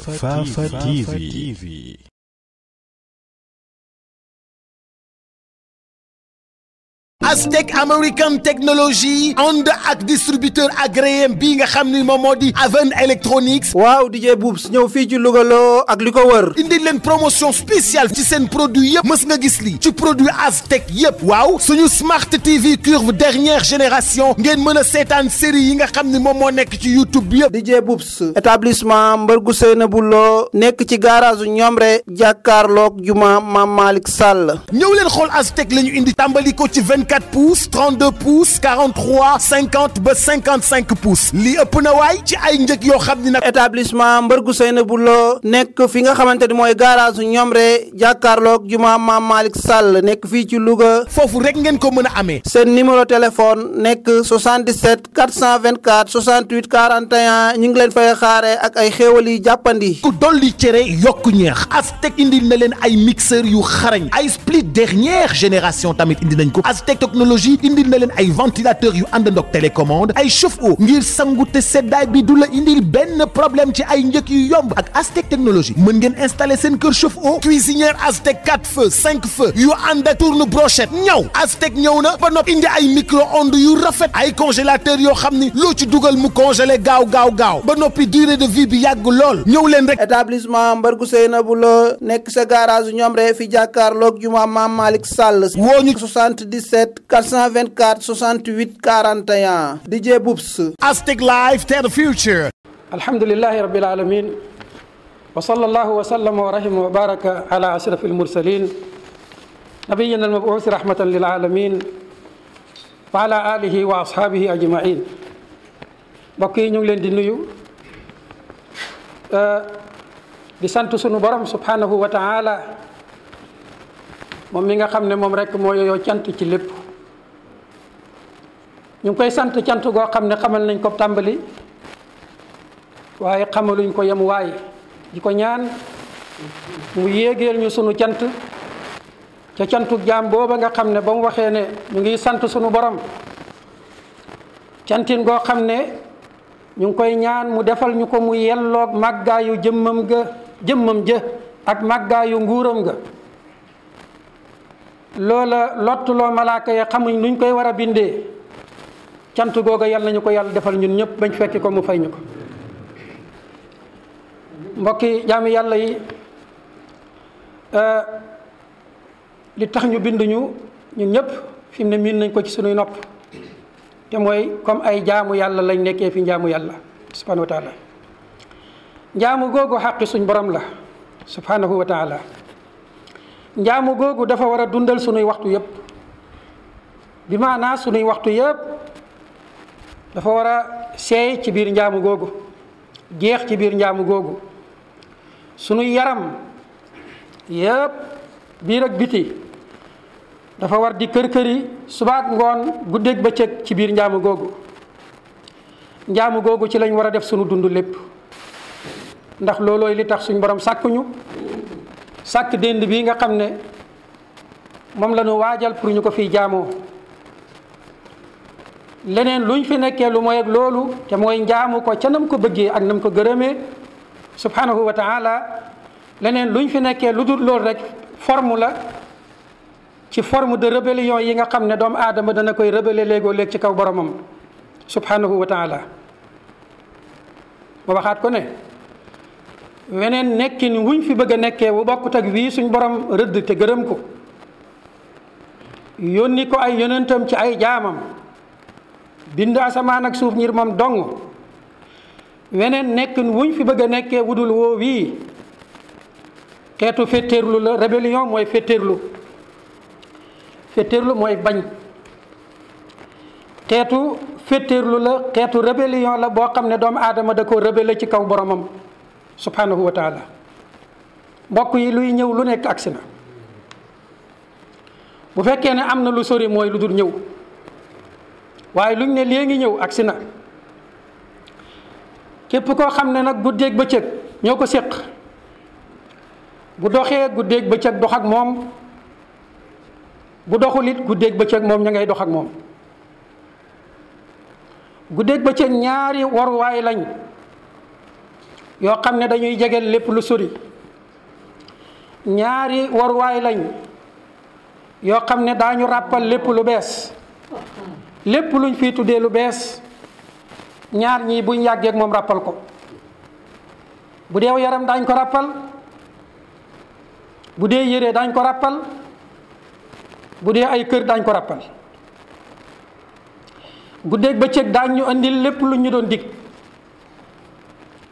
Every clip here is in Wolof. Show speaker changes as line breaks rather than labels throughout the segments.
Fafa TV.
Aztec American Technology ànd ak distributeur agréé bii nga xam ni moom moo di Aven Electronics. waaw DJ Boubs ñëw fii ci Louga loo ak li ko wër. indi leen promotion spéciale ci seen produit yëpp mës nga gis lii ci produit Aztec yëpp waaw suñu Smart TV curve dernière génération ngeen mën a seetaan série yi nga xam ni moom moo nekk ci YouTube bi yëpp. DJ Boubs établissement Mbargu Seynabou
Lo nekk ci garage Ñomre jàkkaarloog juma Maam Malick Sall. ñëw
leen xool Aztec 24 pouces 32 pouces 43 50 ba 55 pouces li ëpp na waay ci ay njëg yoo xam ni nag. établissement Mbargu
bu Lo nekk fi nga xamante ni mooy garage Ñomre jàkkaarloog juma maam Malick Sall nekk fii ci Louga. foofu rek ngeen ko mën a ame seen numéro téléphone nekk 77 424 68 41 ñu ngi leen fay xaare ak ay xéewal jàppandi.
ku dolli cere yokk ñeex Aztec indil na leen ay mixeur yu xarañ ay split dernière génération tamit indi nañ ko technologie indil na leen ay ventilateur yu àndandoog télécommande ay chauffe-eau ngir sangu te seddaay bi du la indi benn problème ci ay njëkk yu yomb ak Aztec technologie mën ngeen installer seen kër chauffe-eau cuisinière Aztec 4 feux 5 feux yu ànd ak tourne brochette ñaw Aztec ñëw na ba noppi indi ay micro-ondes yu rafet ay congélateur yoo xam ni loo ci dugal mu congelé gaaw gaaw gaaw ba noppi durée de vie bi yàgg lool ñëw leen
rek. établissement Mbargu Seynabou la nekk sa garage ñoom rek fi jàkkaarloog juma maam Malick Sall. woo ñu 77. 424 68 41 DJ Boubs Aztec Live to the future alhamdulillahi rabbil alamin
wa sallallahu wa sallama wa rahima wa baraka ala ashrafil mursalin nabiyina al-mab'uuth rahmatan lil alamin wa ala alihi wa ashaabihi ajmain mbokk yi ñu ngi leen di nuyu euh, di sant sunu borom subhanahu wa taala moom mi nga xam ne moom rek moo yooyoo cant ci lépp ñu ngi koy sant cant goo xam ne xamal nañ ko tàmbali waaye xamaluñ ko yem waay di ko ñaan mu yéegeel ñu sunu cant ca cantu jaam booba nga xam ne ba mu waxee ne ñu ngi sant sunu borom cantin goo xam ne ñu ngi koy ñaan mu defal ñu ko mu yelloog màggaayu jëmmam ga jëmmam jë ak màggaayu nguuram ga loola lottuloo malaaka ya xamuñ nuñ koy war a bindee cant googa yàlla nañu ko yàlla defal ñun ñëpp bañ fekki ko mu fay ñu ko mbokki yàlla yi euh, li tax ñu bind ñun ñëpp fi ne miin nañ ko ci sunuy nopp te mooy comme ay jaamu yàlla lañ nekkee fi njaamu yàlla subhanahu njaamu googu xaqi suñ borom la subhanahu wa taala njaamu googu dafa war a dundal suñuy waxtu yëpp bi maanaa sunuy waxtu yëpp dafa war a seey ci biir njaamu googu jeex ci biir njaamu googu sunu yaram yépp biir ak biti dafa war di kër-këri subaak ngoon ba bëccëg ci biir njaamu googu njaamu googu ci lañ war a def sunu dund lépp ndax loolooy li tax suñ boroom sàkkuñu sàkk dénd bii nga xam ne moom la ñu waajal pour ñu ko fi jaamoo leneen luñ fi nekkee lu mooy loolu te mooy njaamu ko ca nam ko bëggee ak nam ko gërëmee subhanahu wa taala leneen luñ fi nekkee lu dul loolu rek forme la ci formu de rébellion yi nga xam ne doomu aadama dana koy rébellé léegoo léeg ci kaw boromam subhanahu wa taala ma waxaat ko ne weneen nekkin wuñ fi bëgg nekkee wu bokkut ak wii suñ borom rëdd te gërëm ko yónni ko ay yonentam ci ay jaamam bind asamaan ak suuf ngir moom dong weneen nekkin wuñ fi bëgg a nekkee wudul woo wii xeetu féttéerlu la rébellion mooy féttéerlu féttéerlu mooy bañ xeetu féttéerlu la xeetu rébellion la boo xam ne doomu aadama da ko rébellé ci kaw boromam subhanahu wa mbokk yi luy ñëw lu nekk agsi na bu fekkee ne am na lu sori mooy lu dul ñëw waaye luñ ne léegi ñëw agsi na képp koo xam ne nag guddeeg bëccëg ñoo ko séq bu doxee guddeeg bëccëg dox ak moom bu doxul it guddeeg bëccëg moom ña ngay dox ak moom guddeeg bëccëg ñaari waruwaay lañ yoo xam ne dañuy jege lépp lu sori ñaari waruwaay lañ yoo xam ne daañu ràppal lépp lu bees lépp luñ fii tuddee lu bees ñaar ñii buñ yàggeek moom rappal ko bu deew yaram daañ ko rappal bu dee yére daañ ko rappal bu dee ay kër daañ ko rappal guddeeg bëccëg daañ ñu indil lépp lu ñu doon dikk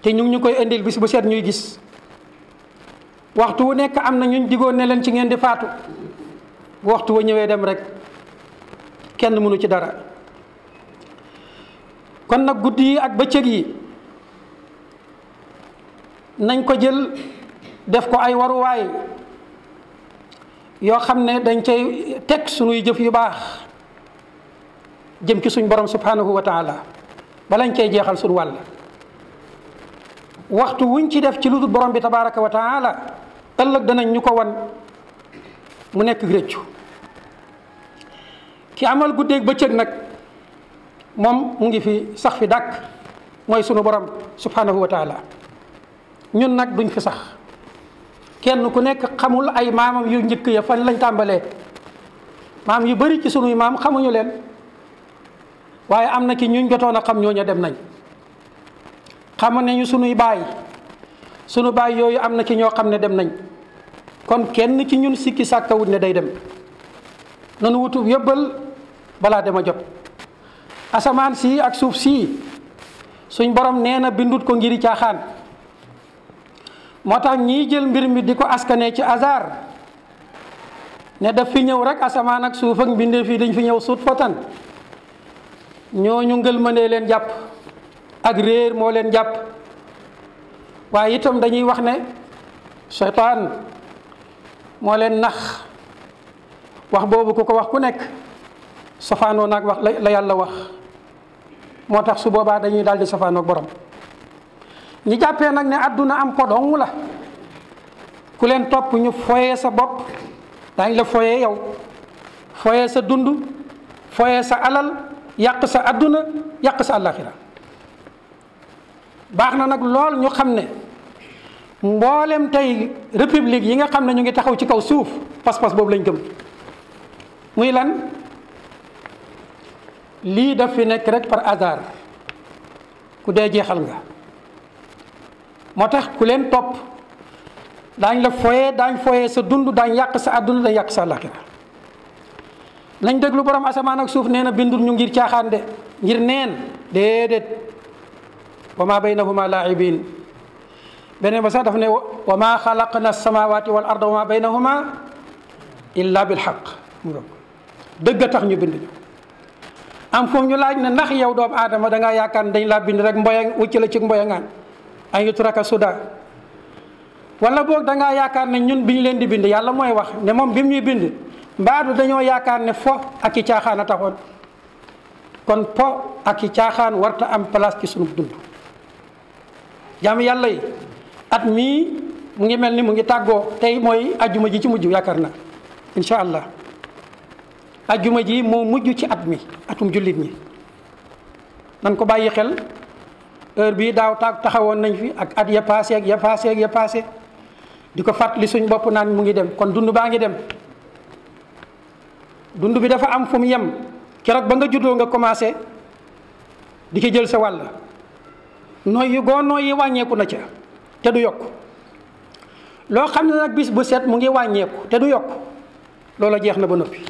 te ñu ñu koy indil bis bu seet ñuy gis waxtu wu nekk am na ñuñ digoon ne leen ci ngeen di faatu waxtu wa ñëwee dem rek kenn mënu ci dara kon nag guddi yi ak bëccëg yi nañ ko jël def ko ay waruwaay yoo xam ne dañ cay teg suñuy jëf yu baax jëm ci suñu borom subhanahu wa taala balañ cay jeexal suñ wàll waxtu wuñ ci def ci lu dul borom bi tabaraka wa taala ëllëg danañ ñu ko won mu nekk réccu ki amal ba bëccëg nag moom mu ngi fi sax fi dàkk mooy sunu borom subhanahu wa taala ñun nag duñ fi sax kenn ku nekk xamul ay maamam yu njëkk ya fan lañ tàmbalee maam yu bari ci sunuy maam xamuñu leen waaye am na ki ñuñ jotoon a xam ñooñu dem nañ xam nañu sunuy baay sunu baay yooyu am na ci ñoo xam ne dem nañ kon kenn ci ñun sikki sàkkawut ne day dem nanu wutu yëbbal balaa a jot asamaan sii ak suuf si suñ borom nee na bindut ko ngiri caaxaan moo tax ñiy jël mbir mi di ko askane ci hasard ne daf fi ñëw rek asamaan ak suufa ak mbindee fii dañ fi ñëw suut fotan ñooñu ngël mënee leen jàpp ak réer moo leen jàpp waaye itam dañuy wax ne seytaan moo leen nax wax boobu ku ko wax ku nekk safaanoo naag wax la yàlla wax moo tax su boobaa dañuy daal di safaanoog borom ñi jàppee nag ne àdduna am ko la ku leen topp ñu foyee sa bopp daañ la foyee yow foyee sa dund foyee sa alal yàq sa àdduna yàq sa àllaaxira baax na nag lool ñu xam ne mboolem tey république yi nga xam ne ñu ngi taxaw ci kaw suuf pas-pas boobu lañ gëm muy lan lii daf nekk rek par hasard ku dee jeexal nga moo tax ku leen topp daañ la foyee daañ foyee sa dund daañ yàq sa àdduna daañ yàq sa àllaaxira nañ déglu borom asamaan ak suuf nee na bindul ñu ngir caaxaan de ngir neen déedéet wa ma baynahuma laaibin beneen ba sax daf ne wa maa xalaqna samawati wal arda wa maa baynahuma illa bilxaq mu dëgg tax ñu bind am foofu ñu laaj ne ndax yow doomu aadama dangaa yaakaar ne dañ laa bind rek mboya wucc la ci nga an yutraka suda wala boog dangaa yaakaar ne ñun bi ñu leen di bind yàlla mooy wax ne moom bi muy bind mbaadu dañoo yaakaar ne foofu ak i caaxaan a taxoon kon po ak i caaxaan warta am place ki sunu dund jaam yàlla yi at mii mu ngi mel ni mu ngi tàggoo tey mooy ajuma ji ci mujj yaakaar na incha allah ajjuma ji moo mujj ci at mi atum jullit ñi nan ko bàyyi xel heure bii daaw taag taxawoon nañ fi ak at ya passé ak ya passé ya passé di ko fàttali suñ bopp naan mu ngi dem kon dund baa ngi dem dund bi dafa am fu mu yem keroog ba nga juddoo nga commencé di ci jël sa wàll nooy yu goo nooy yi wàññeeku na ca te du yokk loo xam bis bu set mu ngi wàññeeku te du yokk loola jeex na ba noppi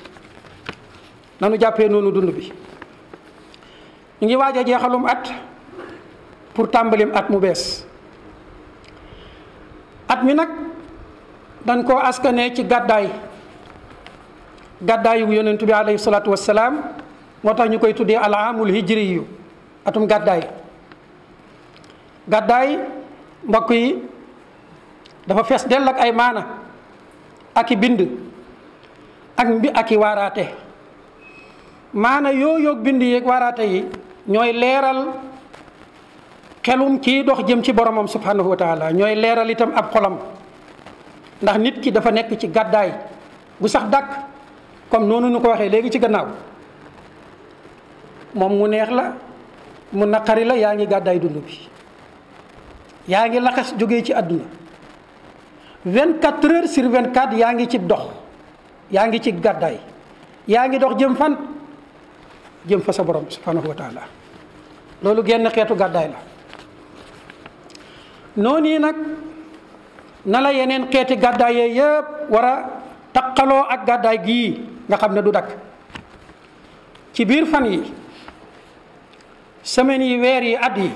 nanu jàppe noonu dund bi ñu ngi waaj a jeexalum at pour tàmbalim at mu bees at mi nag dañ koo askanee ci gàddaay gàddaayu yonentu bi alayhi salaatu wassalaam moo tax ñu koy tuddee al aamul atum gàddaay gàddaay mbokk yi dafa fees dell ak ay maana ak bind ak mbi ak waaraate maana yooyoog bind yeeg waaraate yi ñooy leeral xelum kii dox jëm ci boromam subhanahu wa taala ñooy leeral itam ab xolam ndax nit ki dafa nekk ci gàddaay gu sax dàkk comme noonu ñu ko waxee léegi ci gannaaw moom mu neex la mu naqari la yaa ngi gàddaay dund bi yaa ngi laxas jóge ci àdduna 24 heures sur 24 yaa ngi ci dox yaa ngi ci gàddaay yaa ngi dox jëm fan jëm fa sa borom subhanahu wa loolu genn xeetu gàddaay la noonu yi nag na la yeneen xeeti gàddaay yee yëpp war a taqaloo ak gàddaay gii nga xam ne du dakk ci biir fan yi semaines yi weer yi at yi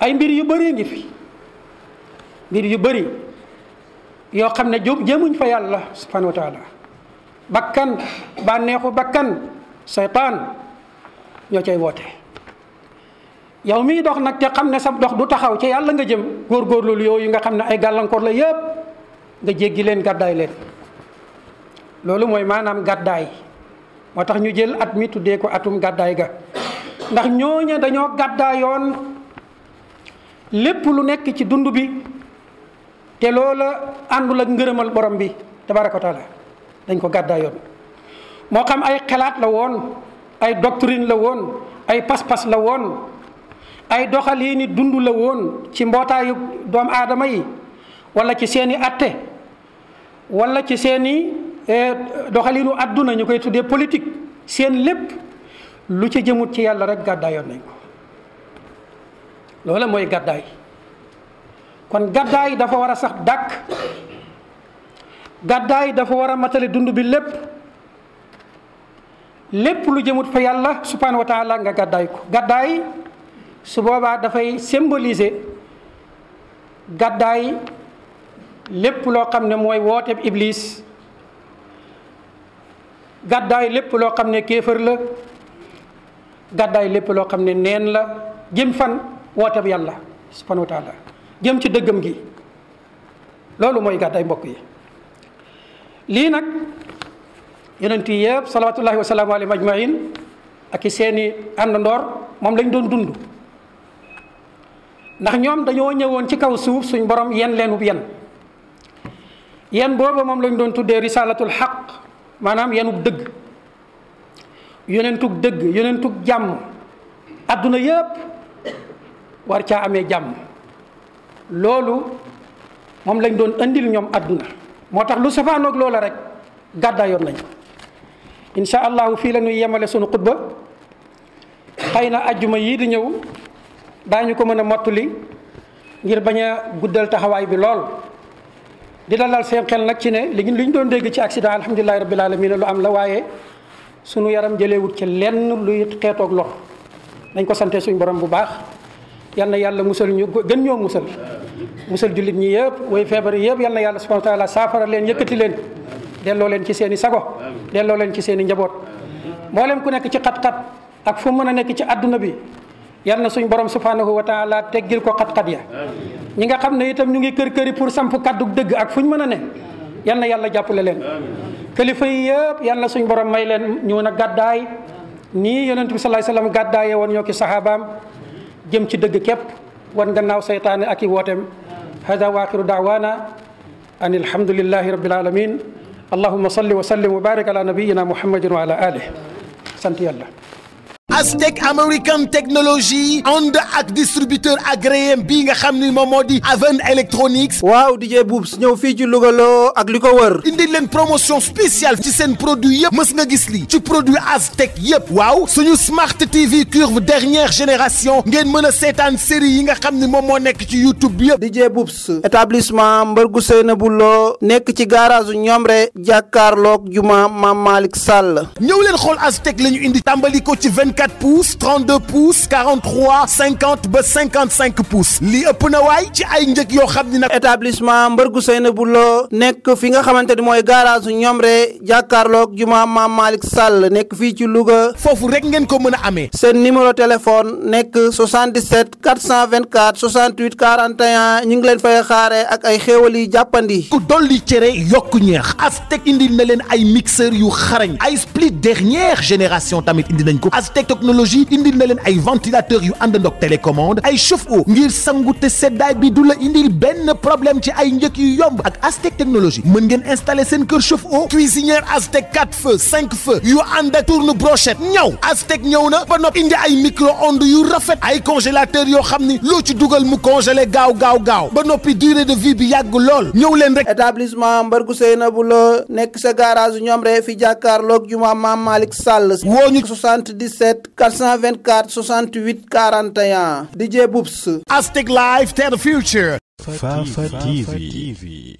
ay mbir yu bari ngi fi mbir yu bari yoo xam ne jëm jëmuñ fa yàlla subhanahu wa bakkan bànneexu bakkan seytaan ñoo cay woote yow mii dox nag te xam ne sa dox du taxaw ci yàlla nga jëm góorgóorlu yooyu nga xam ne ay gàllankoor la yépp nga jéggi leen gàddaay leen loolu mooy maanaam gàddaay moo tax ñu jël at mi tuddee ko atum gàddaay ga ndax ñooña dañoo gàddaayoon lépp lu nekk ci dund bi te loola àndul ak ngërëmal borom bi te tabaraka taala dañ ko gàddaayoon moo xam ay xalaat la woon ay doctrine la woon ay pas-pas la woon ay doxaliini dund la woon ci mbootaayu doomu aadama yi wala ci seeni atte wala ci seeni eh, doxaliinu adduna ñu koy tuddee politik seen lépp lu ci jëmut ci yàlla rek gàddaayoon nañ ko loola mooy gàddaay kon gàddaay dafa war a sax dàq gàddaay dafa war a matali dund bi lépp lépp lu jëmut fa yàlla subhanahu wa taala nga gàddaay ko gàddaay su boobaa dafay symboliser gàddaay lépp loo xam ne mooy wooteeb iblis gàddaay lépp loo xam ne kéefër la gàddaay lépp loo xam ne neen la jëm fan wooteeb yàlla subhanahu wa taala jëm ci dëggam gi loolu mooy gàddaay mbokk yi lii nag yonent yi yëpp salawaatullahi wa salaamu alayhim ak i seeni àndandoor moom lañ doon dund ndax ñoom dañoo ñëwoon ci kaw suuf suñ boroom yen leenu yen yen booba moom lañ doon tuddee risalatul xaq maanaam yenub dëgg yonentug dëgg yonentug jàmm adduna yëpp war caa amee jàmm loolu moom lañ doon indil ñoom adduna moo tax lu safaanoog loola rek gàddaayoon nañ incha allahu fii lañuy yemale sunu xutba xëy na ajjuma yii di ñëw daañu ko mën a mottali ngir bañ a guddal taxawaay bi lool di dalal seen xel nag ci ne li li ñu doon dégg ci accident alhamdulilahi rabbil alamin lu am la waaye sunu yaram jëleewut ci lenn luy xeetoog lox dañ ko sante suñu borom bu baax yal na yàlla musal ñu gën ñoo musal musal jullit ñi yëpp way feebar yi yëpp yal na yàlla subhanahu wa taala saafara leen yëkkati leen delloo leen ci seen i sago delloo leen ci seen i njaboot mboolem ku nekk ci xat-xat ak fu mën a nekk ci adduna bi yal na suñ borom subhanahu teggil ko xat-xat ya ñi nga xam ne itam ñu ngi kër këri pour samp kaddu dëgg ak fuñ mën a ne yal na yàlla jàppale leen kilifa yi yëpp yal na suñ borom may leen ñu na gàddaay nii yonent bi sallallahu alayhi wasallam gàddaaye woon ñoo ki sahabaam jëm wan gannaaw saytaane ak i wooteem hada wa axiru daawaana an alhamdulillahi rabbil alamin allahuma salli wa sallim wa barik ala nabiyina muhammadin wa ala alih sant yàlla
Aztec American Technology ànd ak distributeur agréé bii nga xam ni moom moo di Aven Electronics. waaw DJ Boubs ñëw fii ci Louga loo ak li ko wër. indi leen promotion spéciale ci seen produit yëpp mës nga gis lii ci produit Aztec yëpp waaw suñu Smart TV curve dernière génération ngeen mën a seetaan série yi nga xam ni moom moo nekk ci YouTube bi
yëpp. DJ Boubs établissement Mbargu Seynabou Lo nekk ci garage Ñomre
jàkkaarloog juma Maam Malick Sall. ñëw leen xool Aztec 24 pouces 32 pouces 43 50 ba 55 li ëpp na waay ci
ay njëg yoo xam ni nag. établissement Mbargu bu Lo nekk fi nga xamante ni mooy garage Ñomre jàkkaarloog juma maam Malick Sall nekk fii ci Louga. foofu rek ngeen ko mën a amee. seen numéro téléphone nekk 77 424 68 41
ñu ngi leen fay xaare ak ay xéewal yi jàppandi. ku dolli cere yokk ñeex Aztec indil na leen ay mixeur yu xarañ ay split dernière génération tamit indi nañ ko technologie indil na leen ay ventilateur yu àndandoog télécommande ay chauffe-eau ngir sangu te seddaay bi du la indi benn problème ci ay njëkk yu yomb ak Aztec technologie mën ngeen installer seen kër chauffe-eau cuisinière Aztec 4 feux 5 feux yu ànd ak tourne brochette ñaw Aztec ñëw na ba noppi indi ay micro-ondes yu rafet ay congélateur yoo xam ni loo ci dugal mu congelé gaaw gaaw gaaw ba noppi durée de vie bi yàgg lool ñëw leen rek. établissement Mbargu Seynabu la nekk sa
garage ñoom rek fi jàkkaarloog juma maam Malick Sall. woo ñu 77. 424 68 41 DJ Boubs
Aztec Live to
the